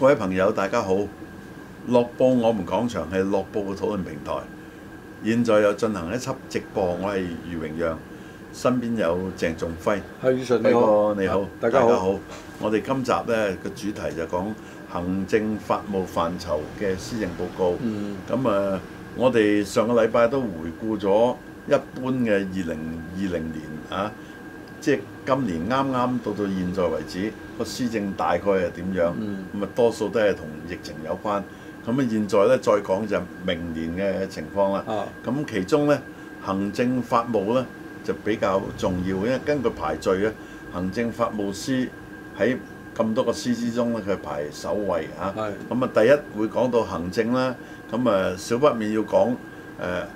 各位朋友，大家好！《樂報我們講場》係《樂報》嘅討論平台，現在又進行一輯直播。我係余榮陽，身邊有鄭仲輝。許順個好你好，你好，大家好。家好，我哋今集呢個主題就講行政法務範疇嘅施政報告。咁、嗯、啊，我哋上個禮拜都回顧咗一般嘅二零二零年啊，即係今年啱啱到到現在為止。個施政大概係點樣？咁啊、嗯、多數都係同疫情有關。咁啊，現在咧再講就係明年嘅情況啦。咁其中咧行政法務咧就比較重要，因為根據排序咧，行政法務司喺咁多個司之中咧，佢排首位嚇。咁啊，是第一會講到行政啦。咁、嗯、啊，少不免要講誒、呃、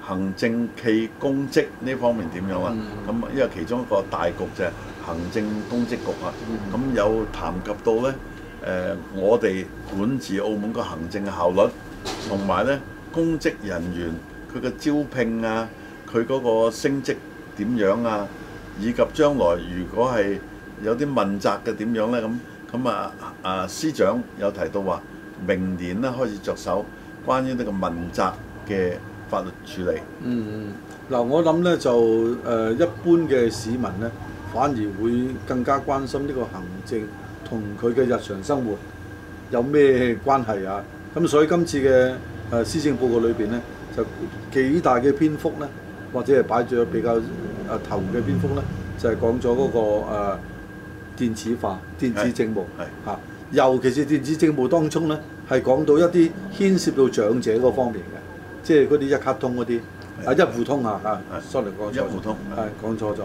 行政暨公職呢方面點樣啊？咁、嗯嗯、因為其中一個大局啫。行政公職局啊，咁、mm hmm. 有談及到呢。誒、呃，我哋管治澳門個行政效率，同埋呢公職人員佢嘅招聘啊，佢嗰個升職點樣啊，以及將來如果係有啲問責嘅點樣呢？咁咁啊啊，司長有提到話，明年呢開始着手關於呢個問責嘅法律處理。嗯嗯，嗱、嗯、我諗呢就誒、呃、一般嘅市民呢。反而會更加關心呢個行政同佢嘅日常生活有咩關係啊？咁所以今次嘅誒施政報告裏邊呢，就幾大嘅篇幅呢，或者係擺住咗比較誒、啊、頭嘅篇幅呢，就係講咗嗰個誒、呃、電子化、電子政務嚇、啊，尤其是電子政務當中呢，係講到一啲牽涉到長者嗰方面嘅，即係嗰啲一卡通嗰啲。啊！一戶通啊！啊！Sorry，講錯一戶通啊！講錯咗。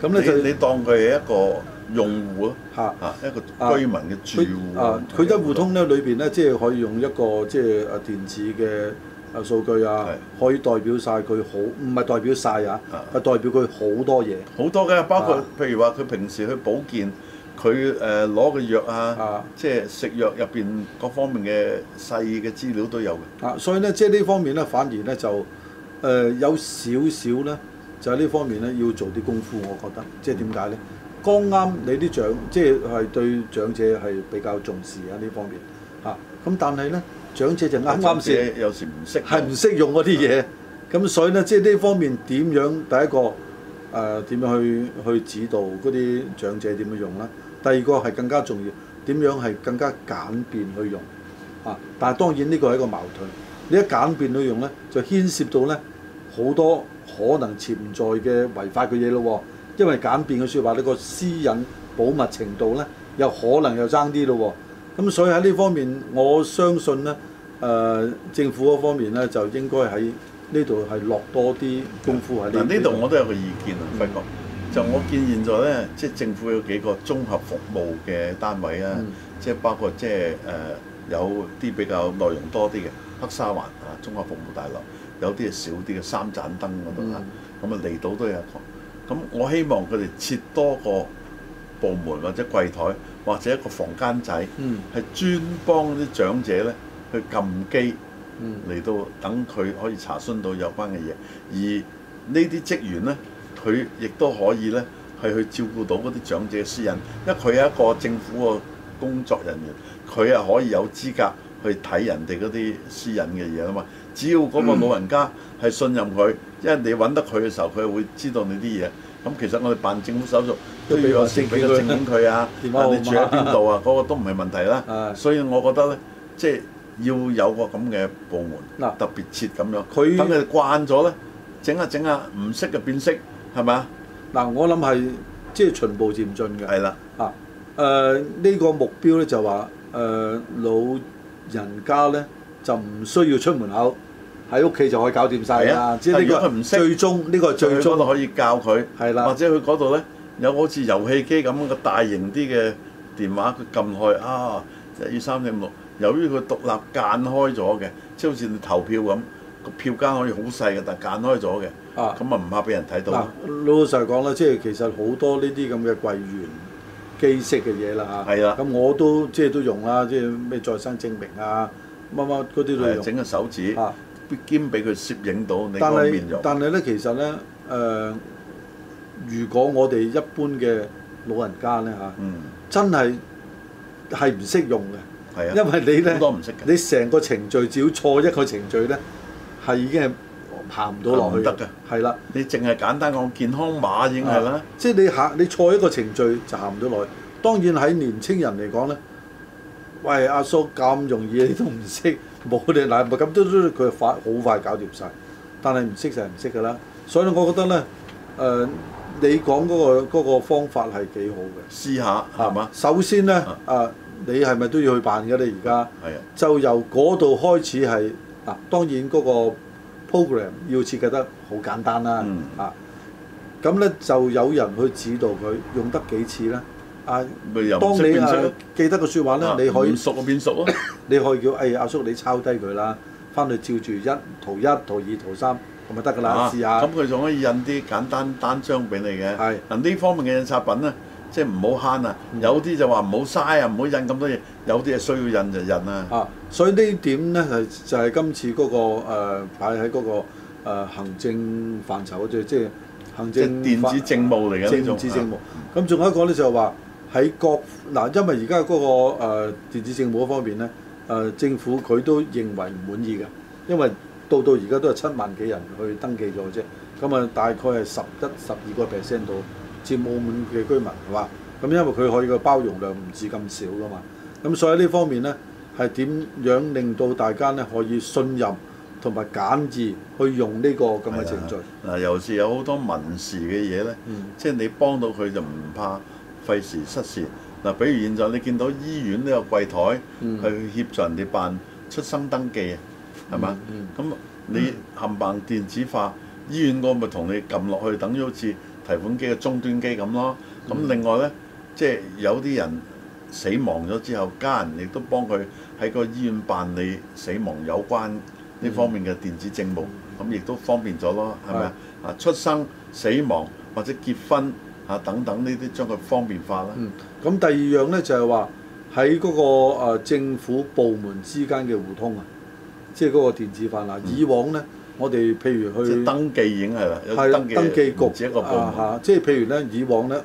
咁咧就你當佢係一個用戶咯。嚇！啊！一個居民嘅住戶。佢一戶通咧，裏邊咧即係可以用一個即係啊電子嘅啊數據啊，可以代表晒佢好，唔係代表晒啊！係代表佢好多嘢，好多嘅，包括譬如話佢平時去保健，佢誒攞嘅藥啊，即係食藥入邊各方面嘅細嘅資料都有嘅。啊！所以咧，即係呢方面咧，反而咧就。誒、呃、有少少呢，就喺呢方面呢，要做啲功夫，我覺得，即係點解呢？剛啱、嗯、你啲長，即係對長者係比較重視啊呢方面嚇，咁、啊、但係呢，長者就啱啱先，剛剛有時唔識，係唔識用嗰啲嘢，咁、嗯嗯、所以呢，即係呢方面點樣？第一個誒點、呃、樣去去指導嗰啲長者點樣用呢？第二個係更加重要，點樣係更加簡便去用、啊、但係當然呢個係一個矛盾。你一簡便佢用呢，就牽涉到呢好多可能潛在嘅違法嘅嘢咯喎，因為簡便嘅説話，你個私隱保密程度呢，有可能又爭啲咯喎。咁所以喺呢方面，我相信呢，誒、呃、政府嗰方面呢，就應該喺呢度係落多啲功夫喺度。嗱呢度我都有個意見啊，輝哥、嗯，就我見現在呢，即係政府有幾個綜合服務嘅單位啊，嗯、即係包括即係、呃、有啲比較內容多啲嘅。黑沙環啊，中國服務大樓有啲係少啲嘅三盞燈嗰度啦，咁啊離島都有一個。咁我希望佢哋設多個部門或者櫃台或者一個房間仔，係、嗯、專幫啲長者咧去撳機嚟、嗯、到等佢可以查詢到有關嘅嘢。而呢啲職員呢，佢亦都可以呢係去照顧到嗰啲長者嘅私隱，因為佢係一個政府嘅工作人員，佢係可以有資格。去睇人哋嗰啲私隱嘅嘢啊嘛！只要嗰個老人家係信任佢，因為你揾得佢嘅時候，佢會知道你啲嘢。咁其實我哋辦政府手續都要先俾個證明佢啊，啊你住喺邊度啊，嗰個都唔係問題啦。所以我覺得呢，即係要有個咁嘅部門，啊、特別設咁樣，等佢慣咗呢，整下整下唔識就變識，係咪？嗱，我諗係即係循步漸進嘅。係啦，啊，呢、呢個目標呢、就是，就話誒老。人家咧就唔需要出門口，喺屋企就可以搞掂曬啦。的即係如果佢唔識，呢個最終呢、呢個最終可以教佢，的或者佢嗰度咧有好似遊戲機咁嘅大型啲嘅電話，佢撳去啊一二三四五六。2, 3, 4, 5, 6, 由於佢獨立間開咗嘅，即係好似你投票咁，個票間可以好細嘅，但間開咗嘅，咁啊唔怕俾人睇到、啊。老實講啦，即係其實好多呢啲咁嘅櫃員機式嘅嘢啦啊。咁的我都即係都用啦，即係咩在生證明啊，乜乜嗰啲都用。整個手指，啊、兼俾佢攝影到你。但係，但係咧，其實咧，誒、呃，如果我哋一般嘅老人家咧嚇，啊嗯、真係係唔識用嘅，的因為你咧，多唔識嘅，你成個程序只要錯一個程序咧，係已經係。行唔到落去得嘅，係啦，的你淨係簡單講健康碼已經係啦，即係你行你錯一個程序就行唔到落去。當然喺年青人嚟講咧，喂阿叔咁容易你都唔識，冇你嗱唔係咁，嘟嘟佢快好快搞掂晒，但係唔識就係唔識噶啦。所以我覺得咧，誒、呃、你講嗰、那個那個方法係幾好嘅，試下係嘛、啊？首先咧，啊你係咪都要去辦嘅你而家就由嗰度開始係嗱、啊，當然嗰、那個。program 要設計得好簡單啦，嗯、啊，咁咧就有人去指導佢用得幾次咧。啊，當你啊出記得個説話咧，啊、你可以唔熟我變熟啊， 你可以叫誒阿、哎、叔你抄低佢啦，翻去照住一圖一圖二圖三，咁咪得㗎啦，啊、試下。咁佢仲可以印啲簡單單張俾你嘅。係嗱呢方面嘅印刷品咧。即係唔好慳啊！有啲就話唔好嘥啊，唔好印咁多嘢。有啲嘢需要印就印啊。啊！所以呢點呢，就就係今次嗰個誒擺喺嗰個、呃、行政範疇嘅，即係行政電子政務嚟嘅一種。咁仲有一個呢，就係話喺國嗱，因為而家嗰個誒電子政務嗰方面呢，誒、呃、政府佢都認為唔滿意嘅，因為到到而家都係七萬幾人去登記咗啫。咁啊，大概係十一十二個 percent 到。接澳門嘅居民係嘛？咁、嗯、因為佢可以個包容量唔止咁少㗎嘛。咁、嗯、所以呢方面呢，係點樣令到大家呢可以信任同埋簡易去用呢個咁嘅程序？嗱、啊，尤其是有好多民事嘅嘢呢，嗯、即係你幫到佢就唔怕費時失事。嗱、啊，比如現在你見到醫院都有櫃台、嗯、去協助人哋辦出生登記，係嘛？咁你冚唪唥電子化，醫院我咪同你撳落去，等咗好似～提款機嘅終端機咁咯，咁、嗯、另外呢，即、就、係、是、有啲人死亡咗之後，家人亦都幫佢喺個醫院辦理死亡有關呢方面嘅電子政務，咁亦、嗯嗯、都方便咗咯，係咪啊？是出生、死亡或者結婚啊等等呢啲，將佢方便化啦。咁、嗯嗯、第二樣呢，就係話喺嗰個政府部門之間嘅互通啊，即係嗰個電子化嗱、啊，以往呢，嗯嗯我哋譬如去即係登記已經係咪？有登記局啊？下，即係譬如咧，以往咧，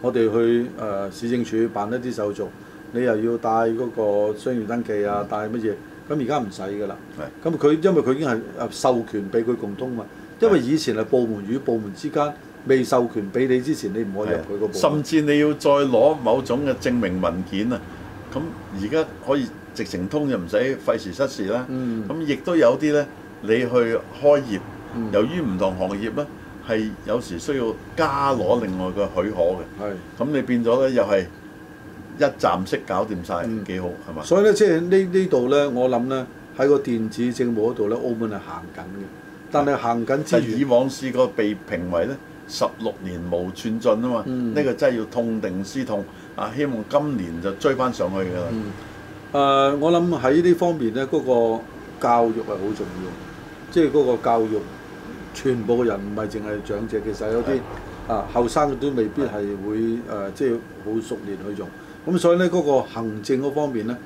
我哋去誒市政處辦一啲手續，你又要帶嗰個商業登記啊，帶乜嘢？咁而家唔使㗎啦。係咁佢因為佢已經係授權俾佢共通嘛。因為以前係部門與部門之間未授權俾你之前，你唔可以入佢個部門。甚至你要再攞某種嘅證明文件啊，咁而家可以直程通就唔使費時失時啦。嗯。咁亦都有啲咧。你去開業，由於唔同行業呢係、嗯、有時需要加攞另外嘅許可嘅。係咁、嗯，你變咗呢，又係一站式搞掂晒，嗯、幾好係嘛？所以呢，即係呢呢度呢，我諗呢，喺個電子政務嗰度呢，澳門係行緊嘅。但係行緊即但以往試過被評為呢，十六年無寸進啊嘛。呢、嗯、個真係要痛定思痛啊！希望今年就追翻上去㗎喇。誒、嗯呃，我諗喺呢方面呢，嗰、嗰個教育係好重要。即係嗰個教育，全部人唔係淨係長者，其實有啲的啊後生都未必係會誒、呃，即係好熟練去用。咁、嗯、所以呢，嗰個行政嗰方面呢，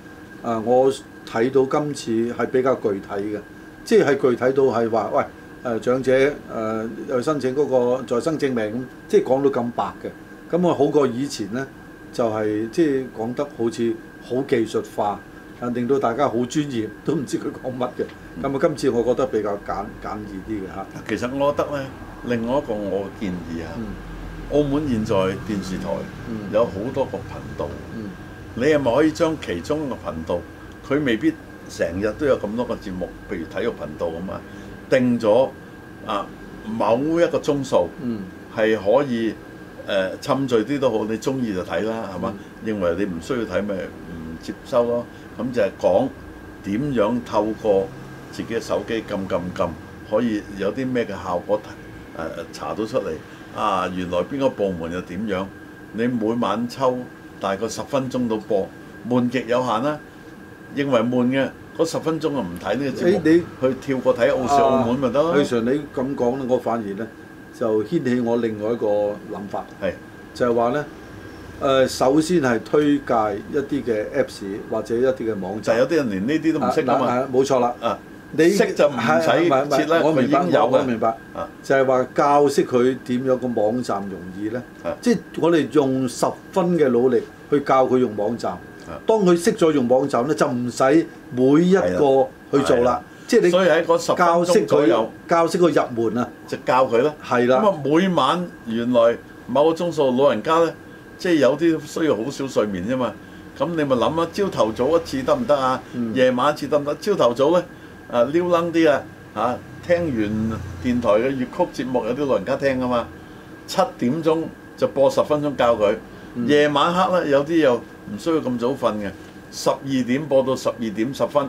啊、呃，我睇到今次係比較具體嘅，即係具體到係話，喂，誒長者誒、呃、又申請嗰個在生證明，即係講到咁白嘅。咁啊好過以前呢，就係、是、即係講得好似好技術化，但令到大家好專業，都唔知佢講乜嘅。咁啊！今次我覺得比較簡簡易啲嘅嚇。其實我覺得咧，另外一個我建議啊，嗯、澳門現在電視台有好多個頻道，嗯嗯、你係咪可以將其中一個頻道，佢未必成日都有咁多個節目，譬如體育頻道咁啊，定咗啊某一個鐘數，係、嗯、可以誒滲聚啲都好，你中意就睇啦，係嘛？嗯、認為你唔需要睇咪唔接收咯。咁就係講點樣透過自己嘅手機撳撳撳，可以有啲咩嘅效果、呃？誒查到出嚟啊！原來邊個部門又點樣？你每晚抽大概十分鐘到播，悶極有限啦、啊。認為悶嘅嗰十分鐘就唔睇呢個節目，你去跳過睇澳視澳門咪得咯？常你咁講我反而呢，就掀起我另外一個諗法，係是 就係話呢，誒，首先係推介一啲嘅 Apps 或者一啲嘅網站，有啲人連呢啲都唔識啊冇、啊啊、錯啦啊！啊啊你識就唔使設啦，我明白，我明白，就係話教識佢點樣個網站容易呢？即係我哋用十分嘅努力去教佢用網站。當佢識咗用網站呢，就唔使每一個去做啦。即係你教識佢入，教識佢入門啊，就教佢啦。係啦。咁啊，每晚原來某個鐘數老人家呢，即係有啲需要好少睡眠啫嘛。咁你咪諗啦，朝頭早一次得唔得啊？夜晚一次得唔得？朝頭早呢。啊，撩楞啲啊！嚇，聽完電台嘅粵曲節目，有啲老人家聽啊嘛。七點鐘就播十分鐘教佢。夜晚黑咧，有啲又唔需要咁早瞓嘅。十二點播到十二點十分，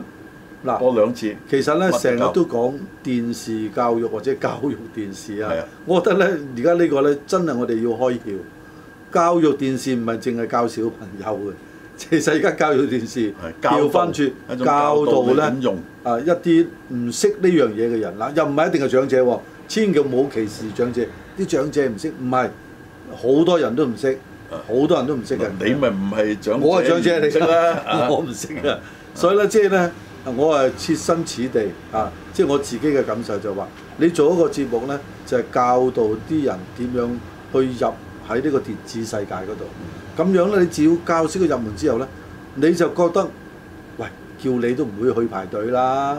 嗱，播兩次。其實咧，成日都講電視教育或者教育電視啊。係啊，我覺得咧，而家呢個咧真係我哋要開竅。教育電視唔係淨係教小朋友嘅，其實而家教育電視調翻轉教導咧。啊！一啲唔識呢樣嘢嘅人啦，又唔係一定係長者喎，千祈唔好歧視長者。啲長者唔識，唔係好多人都唔識，好多人都唔識嘅。啊、人人你咪唔係長，我係長者你㗎啦，我唔識啊。所以咧，即係咧，我係切身此地啊，即、就、係、是、我自己嘅感受就話，你做一個節目咧，就係、是、教導啲人點樣去入喺呢個電子世界嗰度。咁樣咧，你只要教識佢入門之後咧，你就覺得。叫你都唔會去排隊啦，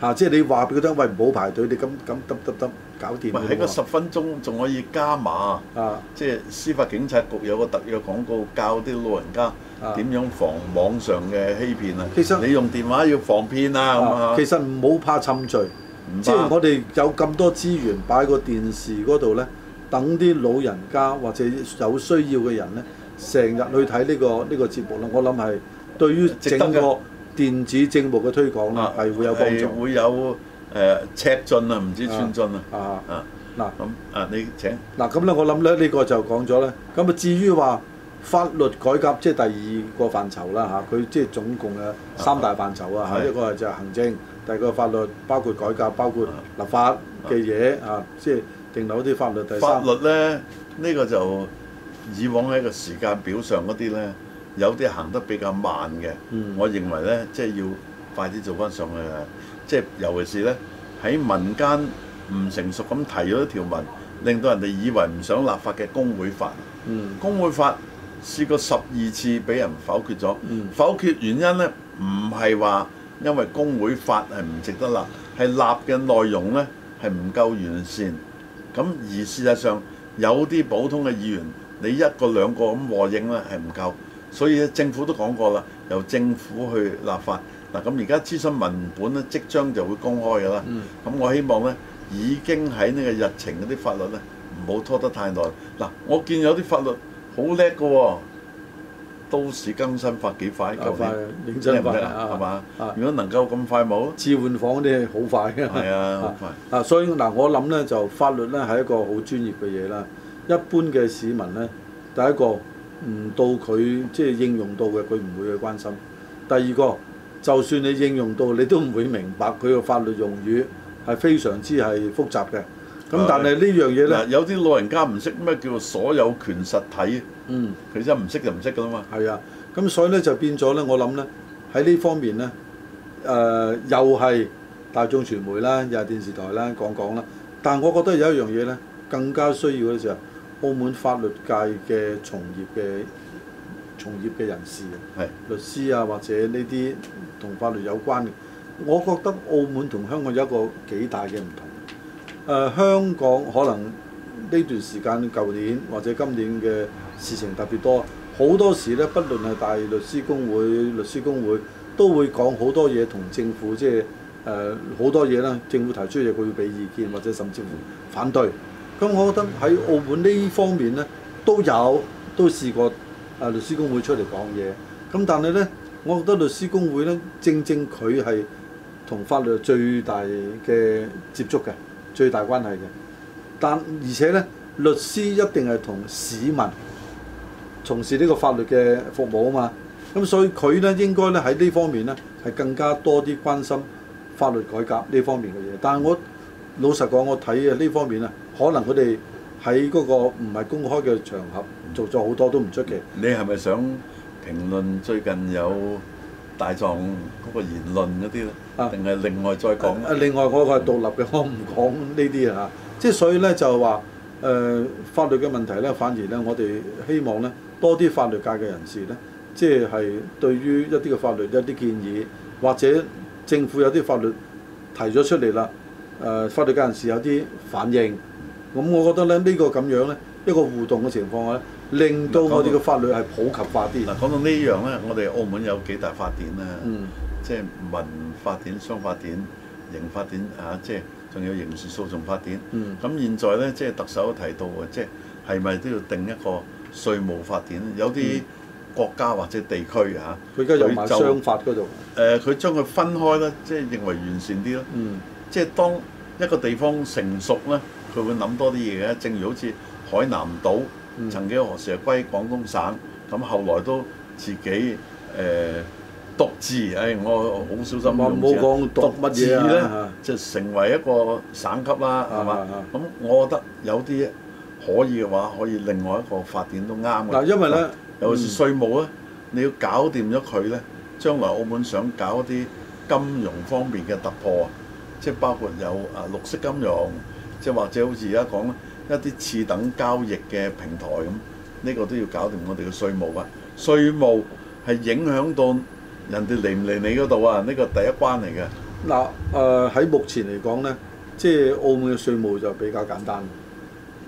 嚇！即係你話俾佢聽，喂，唔好排隊，你咁咁得得得，搞掂啦嘛。喺個十分鐘仲可以加碼，即係司法警察局有個特約廣告教啲老人家點樣防網上嘅欺騙啊！其實你用電話要防騙啊！咁啊，其實唔好怕侵罪，即係我哋有咁多資源擺個電視嗰度咧，等啲老人家或者有需要嘅人咧，成日去睇呢個呢個節目啦。我諗係對於整個。電子政務嘅推廣咧，係會有幫助，係會有誒赤進啊，唔知寸進啊。啊啊，嗱咁啊，你請。嗱咁咧，我諗咧，呢個就講咗咧。咁啊，至於話法律改革，即係第二個範疇啦嚇。佢即係總共嘅三大範疇啊，一個就係行政，第二個法律，包括改革，包括立法嘅嘢啊，即係定立啲法律。第法律咧，呢個就以往喺個時間表上嗰啲咧，有啲行得比較慢嘅，嗯、我認為呢，即係要快啲做翻上去嘅。即係尤其是呢，喺民間唔成熟咁提咗條文，令到人哋以為唔想立法嘅工會法。嗯、工會法試過十二次俾人否決咗，嗯、否決原因呢，唔係話因為工會法係唔值得立，係立嘅內容呢係唔夠完善。咁而事實上有啲普通嘅議員，你一個兩個咁和應呢，係唔夠。所以政府都講過啦，由政府去立法。嗱，咁而家諮詢文本咧，即將就會公開㗎啦。咁我希望呢，已經喺呢個日程嗰啲法律呢，唔好拖得太耐。嗱，我見有啲法律好叻㗎喎，都市更新法幾快？夠快，認真啲係嘛？如果能夠咁快冇？置換房嗰啲係好快嘅。係啊，啊，所以嗱，我諗呢，就法律呢係一個好專業嘅嘢啦。一般嘅市民呢，第一個。唔到佢即係應用到嘅，佢唔會去關心。第二個，就算你應用到，你都唔會明白佢個法律用語係非常之係複雜嘅。咁的但係呢樣嘢呢，有啲老人家唔識咩叫做所有權實體。嗯，其實唔識就唔識㗎啦嘛。係啊，咁所以呢，就變咗呢。我諗呢，喺呢方面呢，誒、呃、又係大眾傳媒啦，又係電視台啦，講講啦。但係我覺得有一樣嘢呢，更加需要嘅時候。澳門法律界嘅從業嘅從業嘅人士，是律師啊，或者呢啲同法律有關嘅，我覺得澳門同香港有一個幾大嘅唔同。誒、呃，香港可能呢段時間舊年或者今年嘅事情特別多，好多時呢，不論係大律師公會、律師公會，都會講好多嘢同政府，即係誒好多嘢啦。政府提出嘢，佢要俾意見，或者甚至乎反對。咁我覺得喺澳門呢方面呢，都有都試過啊律師公會出嚟講嘢，咁但係呢，我覺得律師公會呢，正正佢係同法律最大嘅接觸嘅最大關係嘅，但而且呢，律師一定係同市民從事呢個法律嘅服務啊嘛，咁所以佢呢，應該呢喺呢方面呢，係更加多啲關心法律改革呢方面嘅嘢，但係我。老實講，我睇啊呢方面啊，可能佢哋喺嗰個唔係公開嘅場合做咗好多都唔出奇、嗯。你係咪想評論最近有大狀嗰個言論嗰啲咧？啊，定係另外再講？啊，另外嗰個係獨立嘅，我唔講呢啲啊。即係所以呢，就係話呃法律嘅問題呢，反而呢，我哋希望呢，多啲法律界嘅人士呢，即係對於一啲嘅法律一啲建議，或者政府有啲法律提咗出嚟啦。誒法律界人士有啲反應，咁我覺得咧呢、這個咁樣呢，一、這個互動嘅情況咧，令到我哋嘅法律係普及化啲。嗱，講到呢樣呢，嗯、我哋澳門有幾大法典啊，即係、嗯、民法典、商法典、刑法典啊，即係仲有刑事訴訟法典。咁、嗯、現在呢，即係特首提到，即係咪都要定一個稅務法典？有啲國家或者地區嚇，佢而家又買商法嗰度。佢將佢分開咧，即、就、係、是、認為完善啲咯。嗯。嗯即係當一個地方成熟呢，佢會諗多啲嘢嘅。正如好似海南島曾幾何時歸廣東省，咁、嗯、後來都自己誒獨自。誒、呃哎，我好小心。我冇講獨乜治呢，即係、啊、成為一個省級啦，係嘛？咁我覺得有啲可以嘅話，可以另外一個發展都啱嘅。因為呢，有、嗯、尤其是稅務咧，你要搞掂咗佢呢，將來澳門想搞一啲金融方面嘅突破即係包括有啊綠色金融，即係或者好似而家講一啲次等交易嘅平台咁，呢個都要搞掂我哋嘅稅務啊！稅務係影響到人哋嚟唔嚟你嗰度啊！呢個第一關嚟嘅。嗱，誒，喺目前嚟講呢，即係澳門嘅稅務就比較簡單，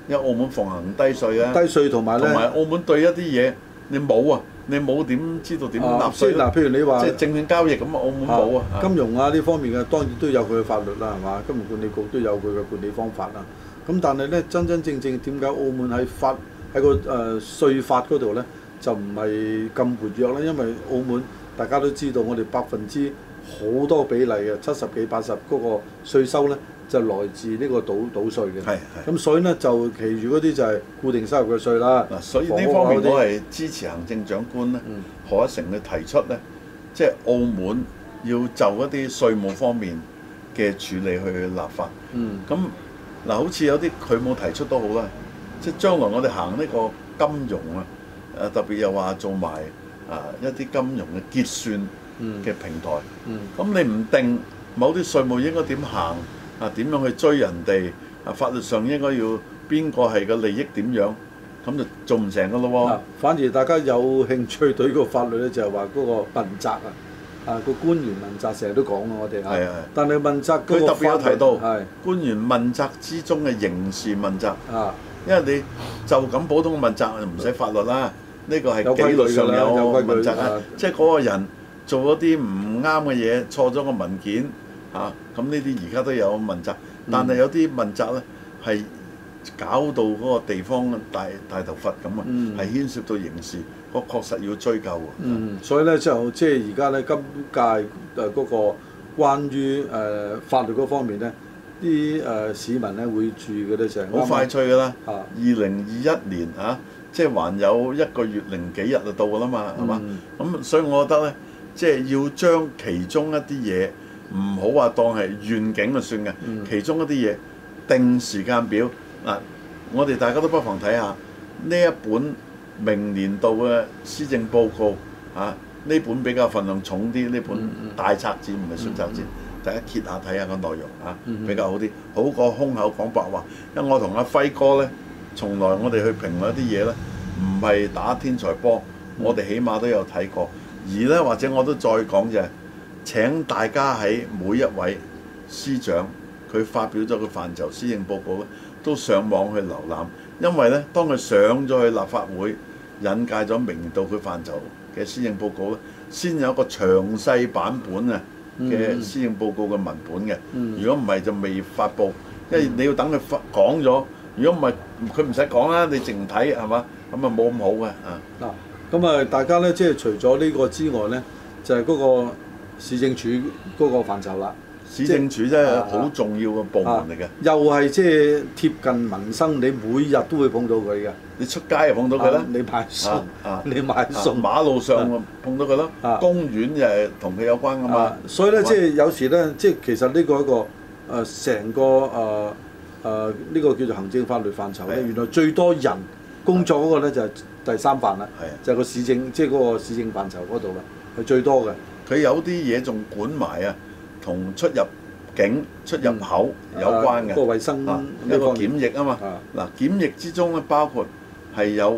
因為澳門奉行低稅啊，低稅同埋咧，同埋澳門對一啲嘢你冇啊。你冇點知道點納稅？嗱、啊，譬如你話即係證券交易咁啊，澳門冇啊，啊金融啊呢方面嘅當然都有佢嘅法律啦，係嘛？金融管理局都有佢嘅管理方法啦。咁、嗯、但係呢，真真正正點解澳門喺法喺個誒稅、呃、法嗰度呢，就唔係咁活躍呢？因為澳門大家都知道，我哋百分之好多比例嘅七十幾八十嗰個稅收呢。就來自呢個賭賭稅嘅，咁所以呢，就其餘嗰啲就係固定收入嘅稅啦。嗱、啊，所以呢方面我係支持行政長官呢、嗯、賀一誠嘅提出呢，即、就、係、是、澳門要就一啲稅務方面嘅處理去立法。嗯，咁嗱、啊，好似有啲佢冇提出都好啦，即係將來我哋行呢個金融啊，誒特別又話做埋啊一啲金融嘅結算嘅平台。咁、嗯嗯嗯、你唔定某啲稅務應該點行？啊，點樣去追人哋？啊，法律上應該要邊個係個利益點樣？咁就做唔成噶咯喎！反而大家有興趣對個法律咧，就係話嗰個問責啊！啊，個官員問責成日都講嘅，我哋啊。係啊！但係問責嗰個法律，佢特別有提到係是官員問責之中嘅刑事問責啊！因為你就咁普通嘅問責就唔使法律啦，呢個係紀律上有問責啊！即係嗰個人做咗啲唔啱嘅嘢，錯咗個文件。啊，咁呢啲而家都有問責，但係有啲問責呢係搞到嗰個地方大大頭佛咁啊，係、嗯、牽涉到刑事，確確實要追究，嗯，所以呢，就即係而家呢，今屆誒嗰、呃那個關於、呃、法律嗰方面呢，啲誒市民呢會注意嘅呢，就好快脆㗎啦。二零二一年啊，即係還有一個月零幾日就到㗎啦嘛，係嘛、嗯，咁、嗯嗯、所以我覺得呢，即係要將其中一啲嘢。唔好話當係願景就算嘅，其中一啲嘢定時間表啊！我哋大家都不妨睇下呢一本明年度嘅施政報告啊！呢本比較份量重啲，呢本大冊子唔係小冊子，大家揭下睇下個內容啊，比較好啲，好過空口講白話。因為我同阿輝哥呢，從來我哋去評論一啲嘢呢，唔係打天才波，我哋起碼都有睇過，而呢，或者我都再講嘅。請大家喺每一位司長佢發表咗個範疇施政報告咧，都上網去瀏覽，因為咧當佢上咗去立法會引介咗明道佢範疇嘅施政報告咧，先有一個詳細版本啊嘅施政報告嘅文本嘅。嗯嗯、如果唔係就未發布，因為你要等佢發講咗。如果唔係佢唔使講啦，你淨睇係嘛咁啊冇咁好嘅啊嗱咁啊，大家呢，即係除咗呢個之外呢，就係嗰個。市政署嗰個範疇啦，市政署真係好重要嘅部門嚟嘅，又係即係貼近民生，你每日都會碰到佢噶。你出街啊碰到佢啦，你派餸，你買餸，馬路上碰到佢咯，公園又係同佢有關噶嘛。所以咧，即係有時咧，即係其實呢個一個誒成個誒誒呢個叫做行政法律範疇咧，原來最多人工作嗰個咧就係第三範啦，就係個市政即係嗰個市政範疇嗰度啦，係最多嘅。佢有啲嘢仲管埋啊，同出入境出入口有關嘅，一個衛生，啊啊啊啊啊啊啊、一個檢疫啊嘛。嗱、啊，檢疫之中咧，包括係有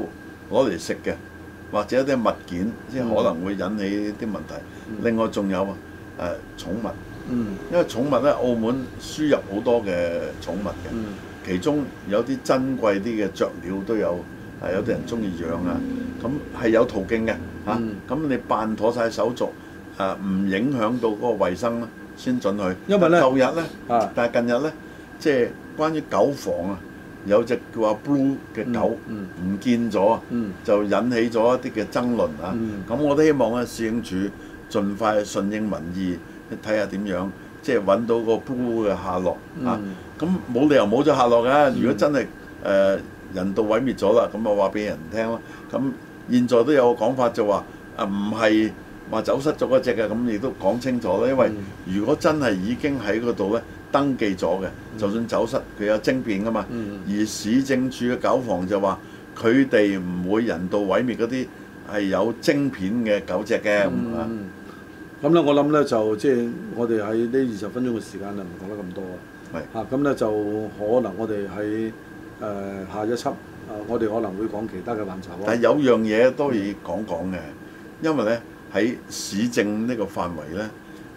攞嚟食嘅，或者啲物件，即可能會引起啲問題。嗯、另外仲有、嗯、啊，誒寵物，因為寵物咧，澳門輸入好多嘅寵物嘅，嗯、其中有啲珍貴啲嘅雀鳥都有，誒、啊啊、有啲人鍾意養啊。咁係有途徑嘅嚇，咁你辦妥晒手續。誒唔影響到嗰個衞生啦，先準佢。因為咧，舊日咧，但係近日咧，即係關於狗房啊，有隻叫啊 Blue 嘅狗唔見咗，就引起咗一啲嘅爭論啊。咁我都希望咧，市政署盡快順應民意，去睇下點樣，即係揾到個 Blue 嘅下落啊。咁冇理由冇咗下落噶。如果真係誒人道毀滅咗啦，咁啊話俾人聽咯。咁現在都有個講法就話啊，唔係。話走失咗嗰隻嘅。咁亦都講清楚啦，因為如果真係已經喺嗰度呢，登記咗嘅，就算走失佢有晶片㗎嘛。嗯、而市政署嘅狗房就話佢哋唔會人道毀滅嗰啲係有晶片嘅狗隻嘅咁啊。咁、嗯、咧、嗯嗯、我諗呢，就即係、就是、我哋喺呢二十分鐘嘅時間就唔講得咁多是啊。係嚇咁咧就可能我哋喺、呃、下一輯、呃、我哋可能會講其他嘅問題。但係有樣嘢都要講一講嘅，因為呢。喺市政呢個範圍呢，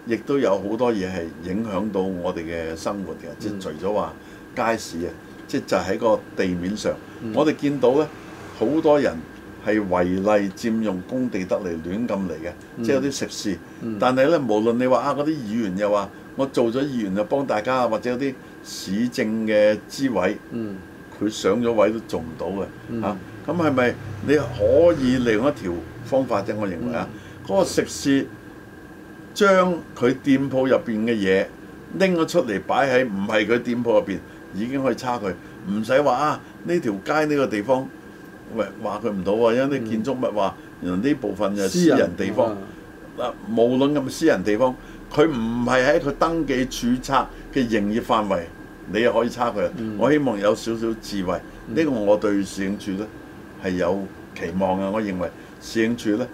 亦都有好多嘢係影響到我哋嘅生活嘅、嗯。即係除咗話街市啊，即係就喺個地面上，嗯、我哋見到呢，好多人係違例佔用工地得嚟亂咁嚟嘅，嗯、即係有啲食肆。但係呢，無論你話啊，嗰啲議員又話我做咗議員就幫大家，或者有啲市政嘅資位，佢、嗯、上咗位都做唔到嘅。咁係咪你可以利用一條方法啫？我認為啊、嗯。嗰個食肆將佢店鋪入邊嘅嘢拎咗出嚟擺喺唔係佢店鋪入邊，已經可以差佢，唔使話啊！呢條街呢、這個地方，喂話佢唔到喎，因為啲建築物話人呢部分就係私人地方。嗱，啊、無論咁私人地方，佢唔係喺佢登記註冊嘅營業範圍，你又可以差佢。嗯、我希望有少少智慧，呢、嗯、個我對市政署呢係有期望嘅。我認為市政署呢。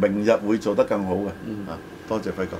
明日會做得更好嘅。啊、嗯，多謝輝哥。